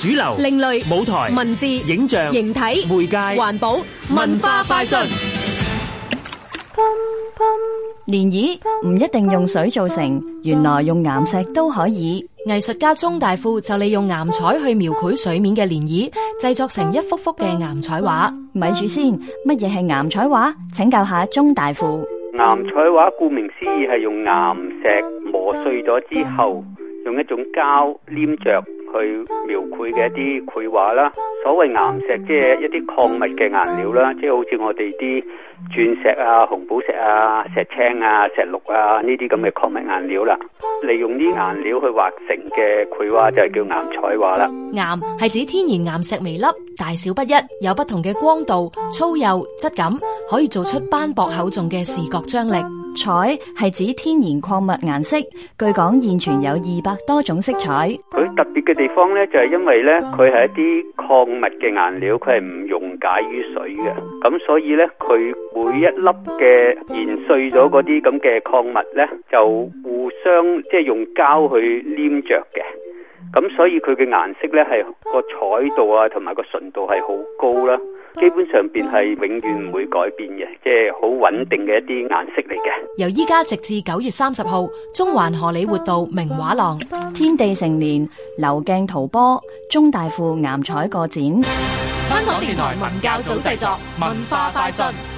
主流、另類、舞台、文字、影像、形體、媒介、環保、文化快訊。漣漪唔一定用水做成，原來用岩石都可以。藝術家鍾大富就利用岩彩去描繪水面嘅漣漪，製作成一幅幅嘅岩彩畫。咪住先，乜嘢係岩彩畫？請教下鍾大富。岩彩畫顧名思義係用岩石磨碎咗之後，用一種膠黏着。去描繪嘅一啲繪畫啦，所謂岩石即係一啲礦物嘅顏料啦，即係好似我哋啲鑽石啊、紅寶石啊、石青啊、石綠啊呢啲咁嘅礦物顏料啦。利用啲顏料去畫成嘅繪畫就係叫岩彩畫啦。岩係指天然岩石微粒，大小不一，有不同嘅光度、粗幼、質感，可以做出斑駁厚重嘅視覺張力。彩係指天然礦物顏色，據講現存有二百多種色彩。佢特別嘅地方咧，就係因為咧，佢係一啲礦物嘅顏料，佢係唔溶解於水嘅，咁所以咧，佢每一粒嘅研碎咗嗰啲咁嘅礦物咧，就互相即係用膠去黏着嘅。咁、嗯、所以佢嘅顏色咧係個彩度啊，同埋個純度係好高啦，基本上邊係永遠唔會改變嘅，即係好穩定嘅一啲顏色嚟嘅。由依家直至九月三十號，中環荷里活道名畫廊天地成年流鏡陶波中大富岩彩個展，香港電台文教組製作文化快訊。